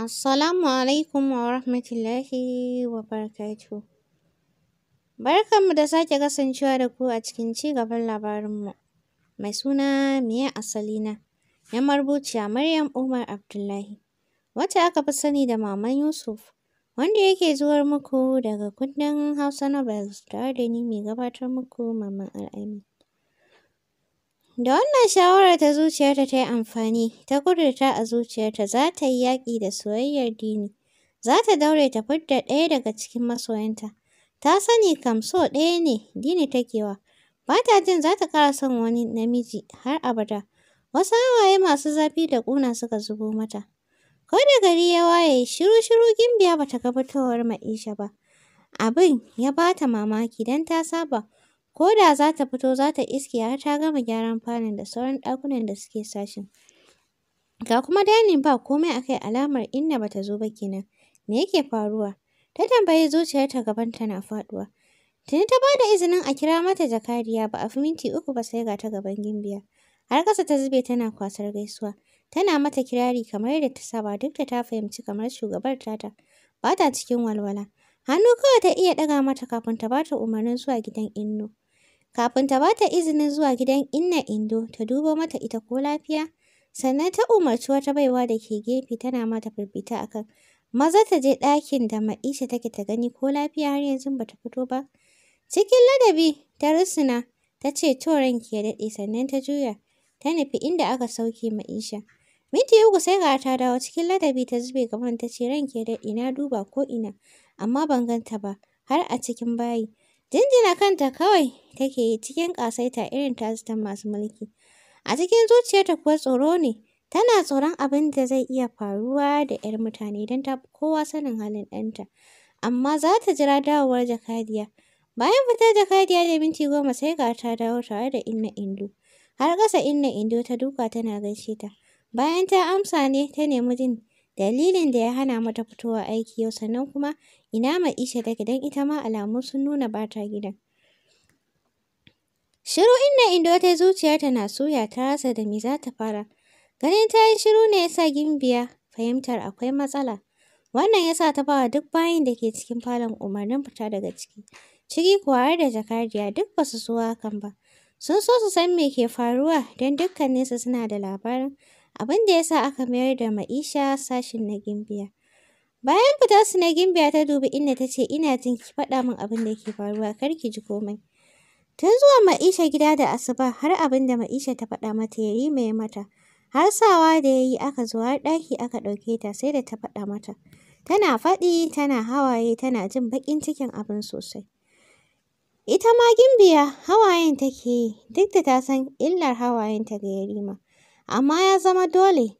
Assalamu alaikum wa rahmatullahi wa barakatuh. Barkanmu da sake kasancewa da ku a cikin ci gaban labarinmu. Mai suna miya Asalina, na marubuciya Maryam Umar Abdullahi, wacce aka fi sani da Maman Yusuf, wanda yake zuwar muku daga kundin Hausa Nobel tare da mai gabatar muku Maman Al'amin. Da wannan shawarar ta zuciyarta ta yi amfani, ta ƙudurta a zuciyarta za ta yi yaƙi da soyayyar Dini. Za ta daure ta ɗaya daga cikin masoyanta. Ta sani kam so ɗaya ne Dini take wa. Ba ta jin za ta ƙara son wani namiji har abada. Wasu hawaye masu zafi da ƙuna suka zubo mata. Ko da gari ya waye shiru-shiru gimbiya ba ta ga fitowar Ma'isha ba. Abin ya ba ta mamaki don ta saba. Ko da za ta fito za ta iske har ta gama gyaran falon da sauran ɗakunan da suke sashin. Ga kuma dainin ba komai a kai alamar inna ba ta zo ba kenan. Me yake faruwa? Ta tambayi zuciyarta gaban tana faɗuwa. Tuni ta bada izinin a kira mata jakadiya ba a fi minti uku ba sai ga ta gaban gimbiya. Har ƙasa ta zube tana kwasar gaisuwa. Tana mata kirari kamar yadda ta saba duk da ta fahimci kamar shugabar tata ba ta cikin walwala. Hannu kawai ta iya ɗaga mata kafin ta bata umarnin zuwa gidan Inno. kafin ta bata izinin zuwa gidan Inna Indo ta duba mata ita ko lafiya. Sannan ta umarci wata baiwa da ke gefe tana mata firfita akan maza ta je ɗakin da Ma'isha take ta gani ko lafiya har yanzu bata fito ba. Cikin ladabi ta rusuna ta ce to ranki ya daɗe sannan ta juya ta nufi inda aka sauke Ma'isha. Minti uku sai ga ta dawo cikin ladabi ta zube gaban ta ce ranki ya daɗe na duba ko ina amma ban ganta ba har a cikin bayi. Jinjina kanta kawai take yi cikin ƙasaita irin tasu ta masu mulki. A cikin zuciyarta kuwa tsoro ne, tana tsoron abin da zai iya faruwa da 'yar mutane don ta kowa sanin halin ɗanta. Amma za ta jira dawowar Jakadiya. Bayan fitar Jakadiya da minti goma sai ga ta dawo tare da Inna Indo. Har ƙasa Inna Indo ta duka tana gaishe ta. Bayan ta amsa ne ta nemi jin dalilin da ya hana mata fitowa aiki yau sannan kuma ina Ma'isha take don ita ma alamu sun nuna ba ta gidan. Shiru inda indo ta zuciyarta na suya ta rasa da me za ta fara. Ganin ta yi shiru ne yasa gimbiya fahimtar akwai matsala. Wannan yasa ta bawa duk bayin da ke cikin falon umarnin fita daga ciki. Ciki kuwa har da jakadiya duk basu su so hakan ba. Sun so su san me ke faruwa don dukkaninsu suna da labarin abin da ya sa aka mayar da Ma'isha sashin na Gimbiya. Bayan fitarsu na Gimbiya ta dubi inda ta ce, ina jin ki faɗa min abin da ke faruwa kar ki ji komai. Tun zuwa Ma'isha gida da asuba har abin da Ma'isha ta faɗa mata ya rimaye mata. Har sawa da ya yi aka zuwa har ɗaki aka ɗauke ta sai da ta faɗa mata. Tana faɗi, tana hawaye, tana jin baƙin cikin abin sosai. Ita ma Gimbiya hawayen take yi, duk da ta san illar hawayen ta ga Yarima. amma ya zama dole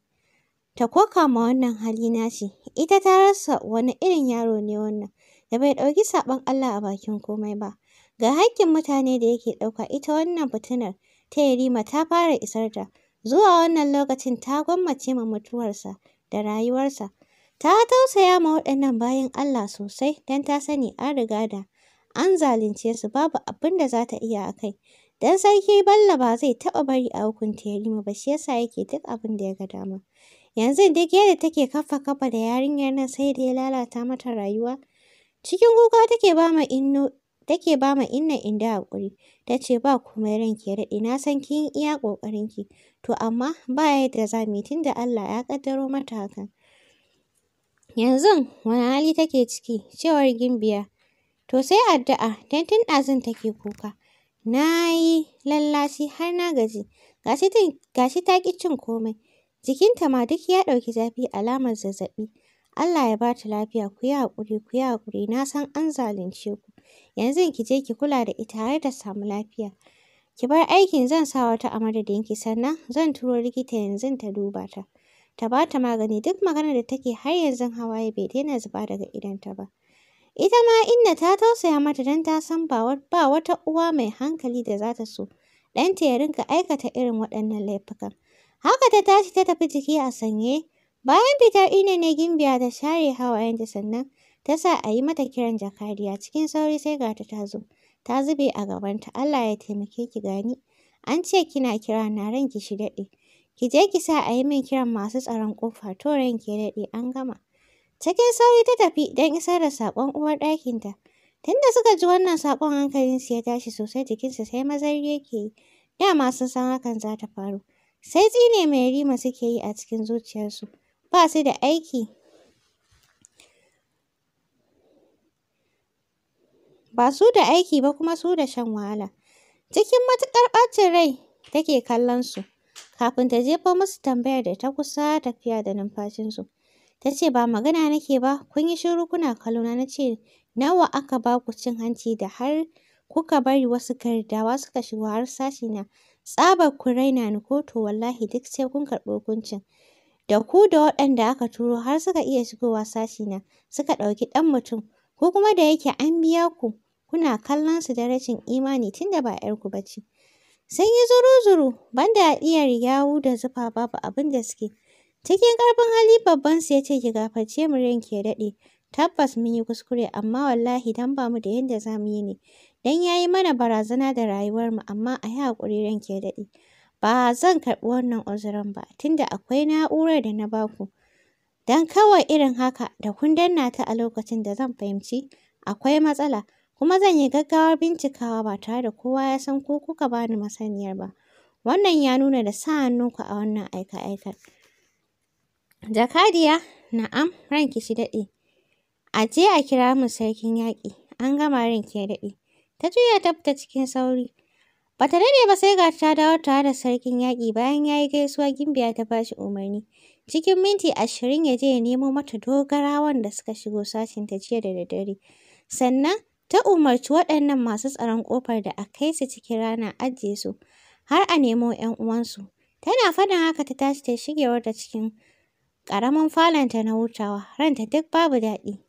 ta koka ma wannan hali nashi. Ita ta rasa wani irin yaro ne wannan da bai ɗauki saɓon Allah a bakin komai ba. Ga haƙƙin mutane da yake ɗauka ita wannan fitinar ta Yarima ta fara isar ta. Zuwa wannan lokacin ta gwammace ma mutuwarsa da rayuwarsa. Ta tausaya ma waɗannan bayin Allah sosai don ta sani an riga da an zalunce su babu abin da za ta iya a kai. Don Sarki Bello ba zai taɓa bari a hukunta Yarima ba shi yasa yake duk abin da ya ga dama. Yanzu duk yadda take kafa kafa da yarinyar nan sai da ya lalata mata rayuwa. Cikin kuka take ba ma inno take ba ma inna inda haƙuri. Ta ce ba komai ranki ya daɗe na san kin iya ƙoƙarinki. To amma ba yadda za mu yi tunda Allah ya ƙaddaro mata hakan. Yanzu wani hali take ciki? Cewar Gimbiya. To sai addu'a don tun ɗazun take kuka. Na yi lallashi har na gaji, ga shi ta ƙi cin komai, jikinta ma duk ya ɗauki zafi alamar zazzaɓi. Allah ya ba ta lafiya, ku yi haƙuri, ku yi haƙuri, na san an zalunce ku. Yanzu ki je ki kula da ita har ta samu lafiya. Ki bar aikin zan sa wata a ki, sannan zan turo likita yanzu ta duba ta. Ta ba ta magani duk maganar da take har yanzu hawaye bai daina zuba daga idonta ba. Ita ma Inna ta tausaya mata don ta san ba wata uwa mai hankali da za ta so ɗanta ya rinka aikata irin waɗannan laifukan. Haka ta tashi ta tafi jiki a sanye. Bayan fitar Inna ne Gimbiya ta share hawa hawayenta sannan ta sa a yi mata kiran jakadiya cikin sauri sai ga ta ta zo. Ta zube a gabanta. Allah ya taimake ki gani. An ce kina kira na ranki shi daɗe. Ki je ki sa a yi min kiran masu tsaron ƙofa to ranki ya daɗe an gama. Cikin sauri ta tafi don isar da saƙon uwar ɗakinta. Tunda suka ji wannan saƙon hankalinsu ya tashi sosai jikinsa sai mazari yake yi. Dama sun san hakan za ta faru. Sai tsine mai rima suke yi a cikin zuciyarsu. Ba su da aiki. Ba su da aiki ba kuma su da shan wahala. Cikin matuƙar ɓacin rai take kallon su. Kafin ta jefa musu tambayar da ta kusa tafiya da numfashinsu. Ta ce ba magana nake ba, kun yi shiru kuna kalona na ce nawa aka ba ku cin hanci da har kuka bari wasu gardawa suka shigo har sashi na? Tsabar ku raina ni ko to wallahi duk sai kun karɓi hukuncin. Da ku da waɗanda aka turo har suka iya shigowa sashi na suka ɗauki ɗan mutum. Ku kuma da yake an biya ku kuna kallon su da rashin imani tunda ba ƴarku ba ce. Sun yi zuru-zuru, ban da iya yawu da zufa babu abin da suke. Cikin ƙarfin hali babbansu ya ce ki gafarce mu ranki ya daɗe. Tabbas mun yi kuskure amma wallahi dan ba mu da yadda za mu yi ne. Dan ya yi mana barazana da rayuwarmu amma a yi haƙuri ranki ya daɗe. Ba zan karɓi wannan uzurin ba tunda akwai na'urar da na baku. Dan kawai irin haka da kun danna ta a lokacin da zan fahimci akwai matsala kuma zan yi gaggawar bincikawa ba tare da kowa ya san ko kuka bani masaniyar ba. Wannan ya nuna da sa hannunku a wannan aika-aikar. Jakadiya, na'am ranki shi daɗe. A je a kira mu sarkin yaƙi, an gama ranki ya daɗe. Ta juya ta fita cikin sauri. Ba ta daɗe ba sai ga ta dawo tare da sarkin yaƙi bayan ya yi gaisuwa Gimbiya ta bashi umarni. Cikin minti ashirin ya je ya nemo mata dogarawan wanda suka shigo sashinta jiya da daddare. Sannan ta umarci waɗannan masu tsaron ƙofar da a kai su cikin rana ajiye su har a nemo ‘yan uwansu. Tana faɗin haka ta tashi ta shigewar da cikin ƙaramin falonta na hutawa, ranta duk babu daɗi.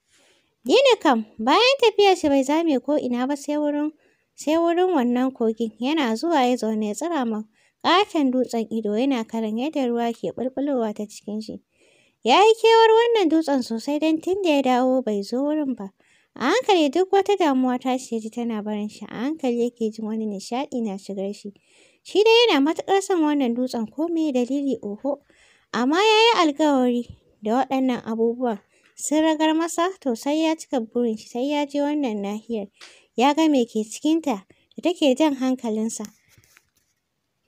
Dini kam, bayan tafiyar shi bai zame ko ina ba sai wurin sai wurin wannan kogin, yana zuwa ya zaune ya tsira ma ƙaton dutsen ido yana kallon yadda ruwa ke ɓulɓulowa ta cikin shi. Ya yi kewar wannan dutsen sosai don tun da ya dawo bai zo wurin ba. A hankali duk wata damuwa ta shi ji tana barin shi, a hankali yake jin wani nishaɗi na shigar shi. Shi dai yana matuƙar son wannan dutsen ko me dalili oho. Amma ya yi alkawari da waɗannan abubuwan sun ragar masa to sai ya cika burin shi sai ya je wannan nahiyar ya ga me ke cikinta da take jan hankalinsa.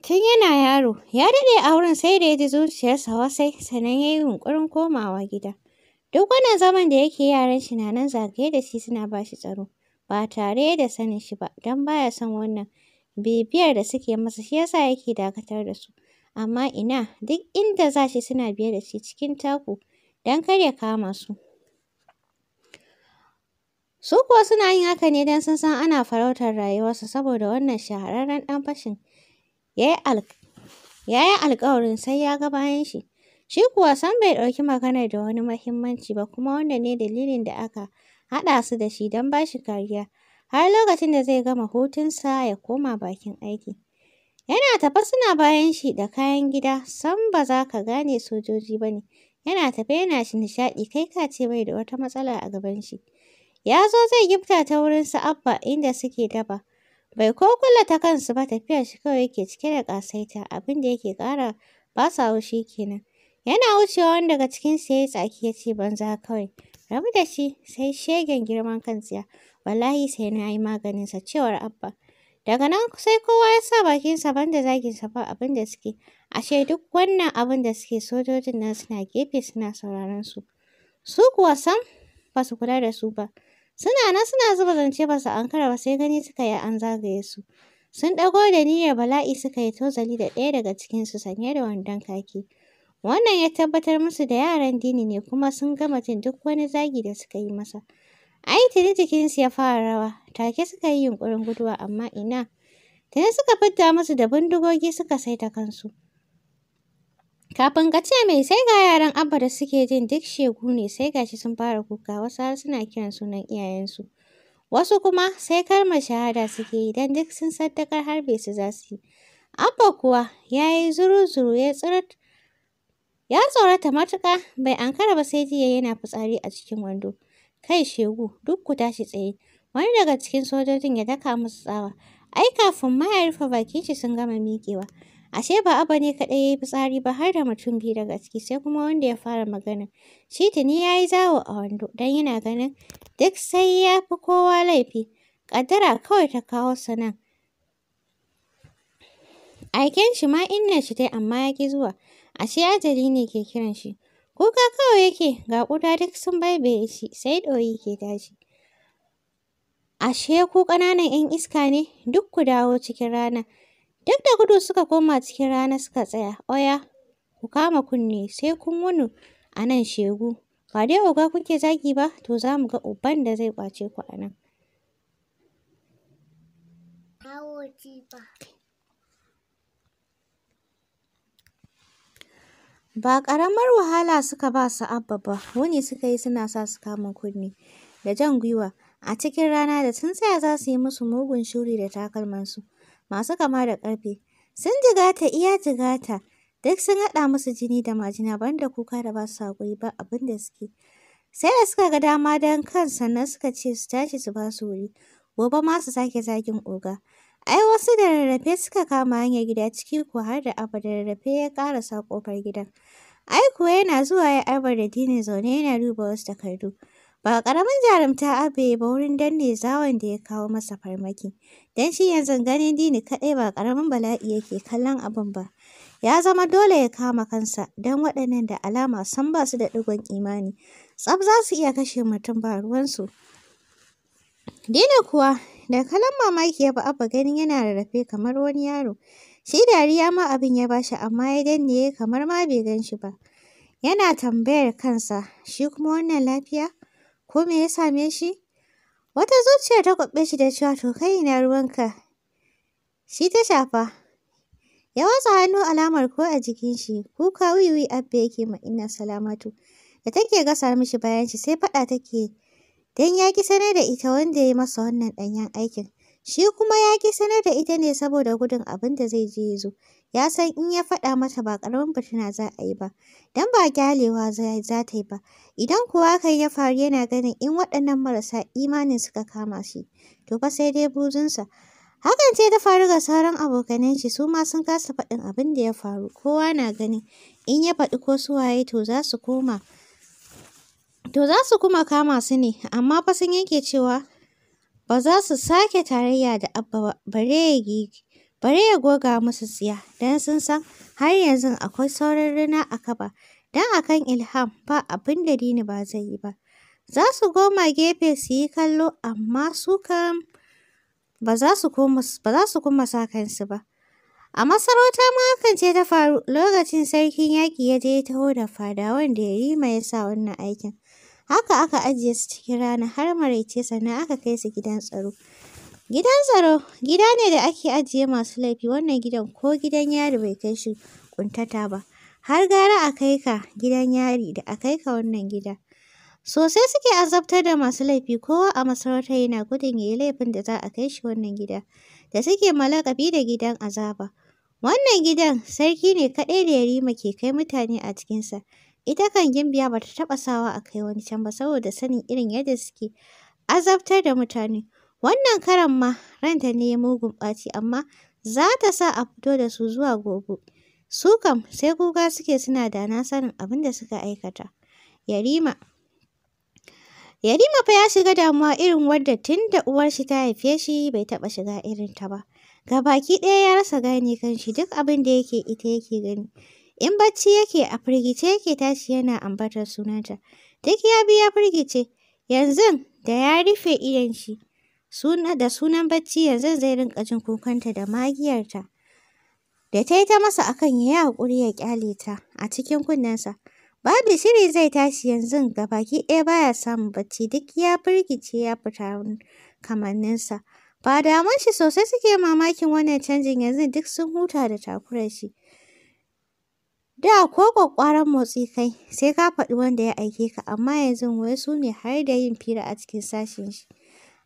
Tun yana yaro, ya daɗe a wurin sai da ya ji zuciyarsa wasai sannan ya yi yunƙurin komawa gida. Duk wannan zaman da yake yaran shi na nan zagaye da shi suna ba shi tsaro ba tare da sanin shi ba don baya ya son wannan bibiyar da suke masa shi ya sa yake dakatar da su. Amma ina, duk inda za shi suna biye da shi cikin taku don kar ya kama su. Su kuwa suna yin haka ne don sun san ana farautar rayuwarsa saboda wannan shahararren ɗan fashin ya yi alƙawarin sai ya ga bayan shi. Shi kuwa sam bai ɗauki maganar da wani mahimmanci ba kuma wanda ne dalilin da aka haɗa su da shi don ba shi kariya har lokacin da zai gama hutunsa ya koma bakin aiki. Yana tafe suna bayan shi da kayan gida, sam ba za ka gane sojoji ba ne. Yana tafe yana shi nishaɗi kai ka ce bai da wata matsala a gaban shi. Ya zo zai gifta ta wurin su Abba inda suke daba. Bai ko kula ta kansu ba tafiyar shi kawai yake cike da ƙasaita abin da yake ƙara ba sa haushi kenan. Yana wucewa wani daga cikin su yayi tsaki ya ce banza kawai. Rabu da shi sai shegen girman kan tsiya. Wallahi sai na yi maganinsa cewar Abba. Daga nan sai kowa ya sa bakinsa banda zagin sa ba abin da suke. Ashe duk wannan abin da suke sojojin nan suna gefe suna sauraron su. Su kuwa sam ba su kula da su ba. Suna nan suna zuba zance ba su ankara ba sai gani suka yi an zagaye su. Sun ɗago da niyyar bala'i suka yi tozali da ɗaya daga cikinsu sanye da wandon kaki. Wannan ya tabbatar musu da yaran dini ne kuma sun gama jin duk wani zagi da suka yi masa. Ai tuni jikinsu ya fara rawa, take suka yi yunƙurin guduwa amma ina. Tuni suka fidda musu da bindigogi suka saita kansu. Kafin ka ce mai sai ga yaran Abba da suke jin duk shegu ne sai gashi sun fara kuka wasu har suna kiran sunan iyayensu. Wasu kuma sai karma shahada suke yi don duk sun saddakar bai su za su yi. Abba kuwa ya yi zuru-zuru ya tsirat. Ya tsorata matuka, bai ankara ba sai jiya yana fitsari a cikin wando. kai shegu duk ku tashi tsaye wani daga cikin sojojin ya daka musu tsawa ai kafin ma ya rufe bakin shi sun gama miƙewa ashe ba aba ne kaɗai ya yi fitsari ba har da mutum biyu daga ciki sai kuma wanda ya fara magana shi tuni ya yi zawo a wando don yana ganin duk sai ya fi kowa laifi ƙaddara kawai ta kawo su nan aiken shi ma inna shi dai amma ya ƙi zuwa ashe ajali ne ke kiran shi Kuka kawai yake ga ƙuda duk sun baibaye shi sai ɗoyi ke tashi. Ashe ku ƙananan 'yan iska ne duk ku dawo cikin rana. Duk da gudu suka koma cikin rana suka tsaya. Oya ku kama kunne sai kun wuni a nan shegu. Ba dai oga kuke zagi ba to za mu ga uban da zai ƙwace ku a nan. Ba ƙaramar wahala suka ba su Abba ba, wani suka yi suna sa su kama kunne da jan gwiwa a cikin rana da sun tsaya za su yi musu mugun shuri da takalmansu masu kama da ƙarfe. Sun jigata iya jigata, duk sun haɗa musu jini da majina banda kuka da ba su haƙuri ba abin da suke. Sai da suka ga dama don kan sannan suka ce su tashi su ba su wuri, gobe ma su sake zagin oga. Ai wasu da rarrafe suka kama hanyar gida ciki ko har da abu da rarrafe ya sa ƙofar gidan. Ai kuwa yana zuwa ya arba da Dini zaune yana duba wasu takardu. Ba ƙaramin jarumta Abba ya ba wurin danne zawon da ya kawo masa farmaki. Don shi yanzu ganin Dini kaɗai ba ƙaramin bala'i yake kallon abin ba. Ya zama dole ya kama kansa don waɗannan da alama san ba su da ɗigon imani. Tsaf za su iya kashe mutum ba ruwansu. Dina kuwa Da kalan mamaki ya ba Abba ganin yana rarrafe kamar wani yaro. Shi dariya ma abin ya ba shi, amma ya danne kamar ma bai gan shi ba. Yana tambayar kansa, shi kuma wannan lafiya? Ko me ya same shi? Wata zuciya ta kwaɓe shi da cewa to kai ina ruwanka. Shi ta shafa. Ya watsa hannu alamar ko a jikin shi, kuka wiwi Abba yake ma ina salamatu. Da take gasa mishi bayan shi sai faɗa take don ya ƙi sanar da ita wanda ya yi masa wannan ɗanyen aikin. Shi kuma ya ƙi sanar da ita ne saboda gudun abin da zai je ya zo. Ya san in ya faɗa mata ba ƙaramin fitina za a yi ba, don ba gyalewa za ta yi ba. Idan kuwa ka ya faru yana ganin in waɗannan marasa imanin suka kama shi, to fa sai dai buzunsa. Hakan ce ta faru ga sauran abokanan shi su ma sun kasa faɗin abin da ya faru, kowa na ganin in ya faɗi ko su waye to za su koma. to za su kuma kama su ne, amma fa sun yanke cewa ba za su sake tarayya da Abba ba, bare ya gigi, goga musu tsiya, don sun san har yanzu akwai sauran rina a kaba, don a kan Ilham ba abin da Dini ba zai yi ba. Za su goma gefe su yi kallo, amma su kan ba za su kuma sa kansu ba. A masarauta ma ta faru lokacin sarkin yaki ya je taho da fadawan da ma ya sa wannan aikin. Haka aka ajiye su cikin rana har maraice sannan aka kai su gidan tsaro. Gidan tsaro gida ne da ake ajiye masu laifi wannan gidan ko gidan yari bai kai shi ƙuntata ba. Har gara a kai ka gidan yari da a kai ka wannan gida. Sosai suke azabtar da masu laifi kowa a masarautar yana gudun ya yi laifin da za a kai shi wannan gida da suke malakabi da gidan azaba. Wannan gidan sarki ne kaɗai da Yarima ke kai mutane a cikinsa. Ita kan Gimbiya bata taba taɓa sawa a kai wani can ba saboda sanin irin yadda suke azabtar da mutane. Wannan karan ma ranta ne ya mugun ɓaci amma za ta sa a fito da su zuwa gobe. Su kam sai kuka suke suna da na sanin abin da suka aikata. Yarima Yarima fa ya shiga damuwa irin wadda tun da uwarshi ta haife shi bai taba shiga irin ta ba. Ga baki ɗaya ya rasa gane shi duk abin da yake ita yake gani. In bacci yake a firgice yake tashi yana ambatar sunanta. Duk ya bi ya firgice, yanzu da ya rufe idon shi. Suna da sunan bacci yanzu zai rinka jin kukanta da magiyarta. Da ta yi ta masa akan ya yi haƙuri ya ƙyale ta a cikin kunnensa. Babu shiri zai tashi yanzu ga baki ɗaya baya samun bacci duk ya firgice ya fita kamanninsa. Ba damun shi sosai suke mamakin wannan canjin yanzu duk sun huta da takurar shi. Da ko ƙwaƙƙwaran motsi kai sai ka faɗi wanda ya aike ka, amma yanzu wai su ne har da yin fira a cikin sashen shi.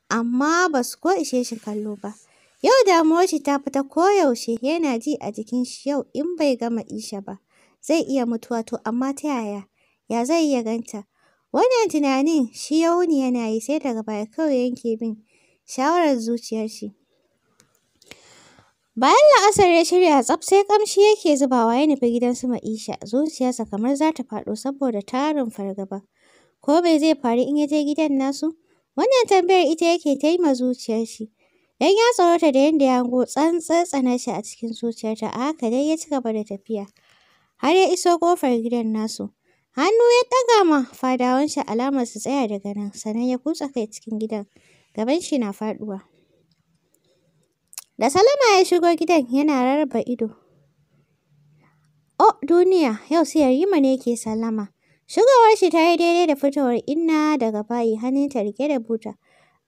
Amma ba su ko ishe shi kallo ba. Yau damuwar shi ta fita koyaushe yana ji a jikin shi yau in bai gama isha ba. Zai iya mutuwa to amma ta yaya? Ya zai iya ganta? Wannan tunanin shi ya wuni yana yi sai daga baya kawai yanke bin shawarar zuciyar shi. Bayan la'asar ya shirya tsaf sai kamshi yake zubawa ya nufi gidan su Ma'isha, zuciyarsa kamar za ta faɗo saboda tarin fargaba. Ko bai zai faru in ya je gidan nasu? Wannan tambayar ita yake ta yi ma zuciyar shi. Dan ya tsorata da yadda ya hango tsantsantsana shi a cikin zuciyarta, a haka dai ya ci gaba da tafiya. Har ya iso ƙofar gidan nasu. Hannu ya ɗaga ma fadawan shi alamar su tsaya daga nan, sannan ya kutsa kai cikin gidan. Gaban shi na faɗuwa. Da Salama ya shigo gidan yana rarraba ido. Oh duniya, yau sai Yarima ne ke salama! Shigowar shi ta yi daidai da fitowar inna daga bayi hannunta rike da buta.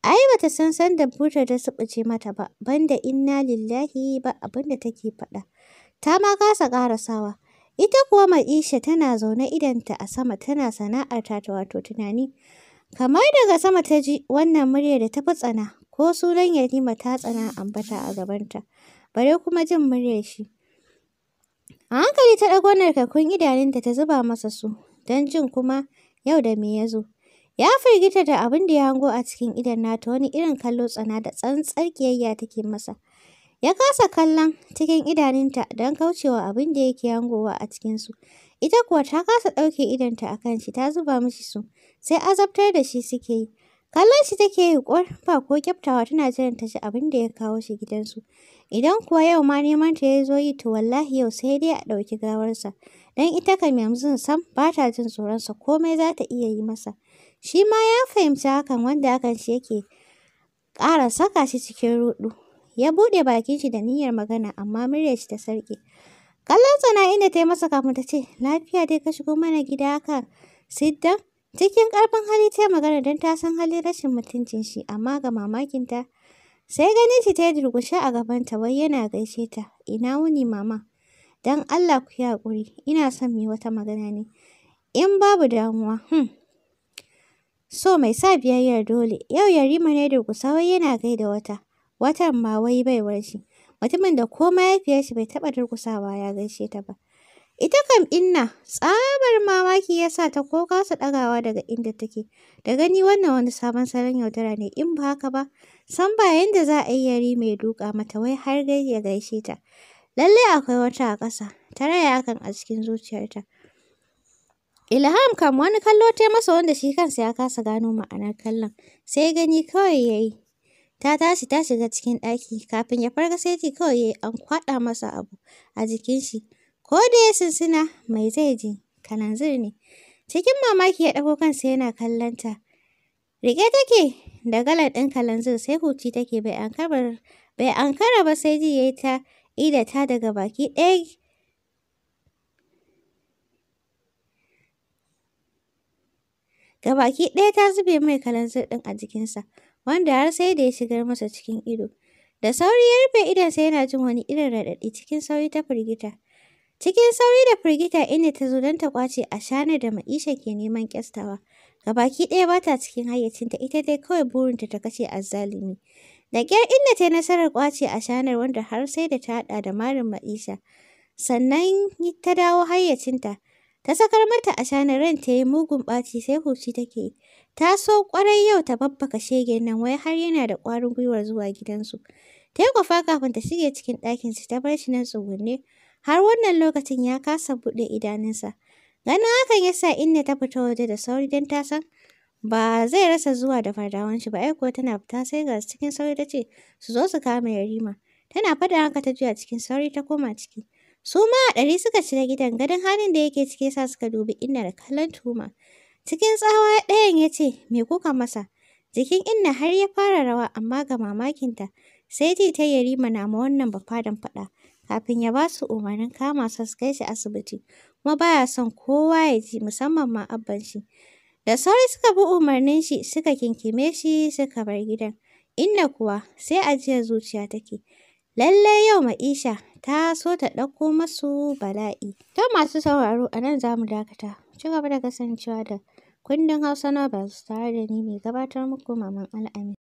Ai bata san sanda buta ta subuce mata ba, banda inna lillahi ba abin da take faɗa. Ta ma kasa ƙarasawa. Ita kuwa Maisha tana zaune idanta a sama tana sana'arta ta wato tunani. Kamar daga sama ta ji wannan muryar da ta fi tsana ko sunan Yarima ta tsana ambata a gabanta, bare kuma jin muryar shi. A hankali ta ɗago narkakkun idanunta ta zuba masa su, don jin kuma yau da me ya zo. Ya firgita da abin da ya hango a cikin idon nata wani irin kallo tsana da tsantsar kiyayya take masa. Ya kasa kallon cikin idanunta don kaucewa abin da yake hangowa a cikinsu. Ita kuwa ta kasa ɗauke idonta a kan shi ta zuba mishi su, sai azabtar da shi suke yi. Kallon shi take yi ko kyaftawa tana jiran ta ji abin da ya kawo shi gidansu. Idan kuwa yau ma neman ta ya zo yi to wallahi yau sai dai a ɗauki gawarsa. Dan ita kam yanzu san ba ta jin tsoronsa komai za ta iya yi masa. Shi ma ya fahimci hakan wanda hakan shi yake ƙara saka shi cikin ruɗu. Ya buɗe bakin shi da niyyar magana amma muryar shi ta sarki. Kallon na inda ta yi masa kafin ta ce lafiya dai ka shigo mana gida haka siddan. Cikin ƙarfin hali ta magana don ta san halin rashin mutuncin shi, amma ga mamakinta, sai ganin shi ta yi durgushe a gabanta wai yana gaishe ta, ina wuni mama, don Allah ku yi haƙuri, ina son mu wata magana ne, in babu damuwa, hmm. So mai sa biyayyar dole, yau Yarima ne durƙusa wai yana gaida wata, watan ma wai baiwar shi, mutumin da komai ya fiye shi bai taɓa durƙusawa ya gaishe ta ba. Ita kam Inna, tsabar mamaki ya sa ta ko kasa ɗagawa daga inda take. Da gani wannan wani sabon salon yaudara ne in ba haka ba, san ba yadda za a yi yari mai duka mata wai har gai ya gaishe ta. Lallai akwai wata a ƙasa, ta raya hakan a cikin zuciyarta. Ilham kam wani kallo ta masa wanda shi kansa ya kasa gano ma'anar kallon, sai gani kawai ya yi. ta tashi ta shiga cikin ɗaki kafin ya farga sai ji kawai yi an kwaɗa masa abu a jikin shi Ko da ya sunsuna, mai zai ji, kalanzir ne. Cikin mamaki ya ɗago kansa yana kallon ta. Riƙe take da galar ɗin kalanzir sai huci take bai ankara bai ba sai ji ya yi ta ida ta daga baki ɗaya. Gabaki ɗaya ta zube mai kalanzir ɗin a jikinsa, wanda har sai da ya shigar masa cikin ido. Da sauri ya rufe idonsa yana jin wani irin raɗaɗi cikin sauri ta firgita. Cikin sauri da firgita inda ta zo don ta ƙwace shanar da Ma'isha ke neman ƙyastawa. Gabaki ɗaya ba ta cikin hayyacinta ita dai kawai burinta ta kashe azzalumi. Da ƙyar inda ta yi nasarar ƙwace shanar wanda har sai da ta haɗa da marin Ma'isha. Sannan ta dawo hayyacinta. Ta sakar mata a shanar ran ta yi mugun ɓaci sai huci take yi. Ta so ƙwarai yau ta babbaka shege nan wai har yana da ƙwarin gwiwar zuwa gidansu. Ta yi kwafa kafin ta shige cikin ɗakinsu ta bar shi nan tsugunne. har wannan lokacin ya kasa buɗe idanunsa. Ganin hakan ya sa Inna ta fita waje da sauri don ta san ba zai rasa zuwa da fardawan shi ba ai ko tana fita sai ga cikin sauri ta ce su zo su kama yarima. Tana faɗa haka ta juya cikin sauri ta koma ciki. Su ma a ɗari suka shiga gidan gadon halin da yake ciki sa suka dubi Inna da kallon tuhuma. Cikin tsawa ɗayan ya ce me kuka masa. Jikin Inna har ya fara rawa amma ga mamakinta sai ta yi yarima na ma wannan ba bafadan faɗa. kafin ya ba su umarnin kama su su kai shi asibiti. Kuma baya son kowa ya ji musamman ma abban shi. Da sauri suka bi umarnin shi suka kinkime shi suka bar gidan. Inda kuwa sai ajiyar zuciya take. Lallai yau Ma'isha ta so ta ɗauko masu bala'i. To masu sauraro a nan za mu dakata. Ci gaba da kasancewa da kundin Hausa su tare da ni mai gabatar muku Maman Al'amin.